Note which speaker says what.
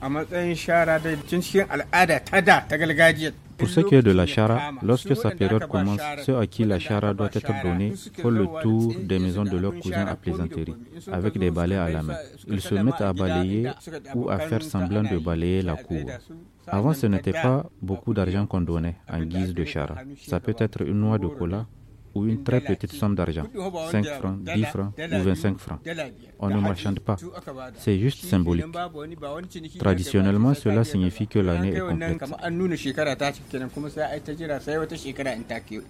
Speaker 1: Pour
Speaker 2: ce qui est de la chara, lorsque sa période commence, ceux à qui la chara doit être donnée font le tour des maisons de leurs cousins à plaisanterie, avec des balais à la main. Ils se mettent à balayer ou à faire semblant de balayer la cour. Avant, ce n'était pas beaucoup d'argent qu'on donnait en guise de chara. Ça peut être une noix de cola, ou une très petite somme d'argent, 5 francs, 10 francs ou 25 francs. On ne marchande pas. C'est juste symbolique.
Speaker 3: Traditionnellement, cela signifie que l'année est
Speaker 4: complète.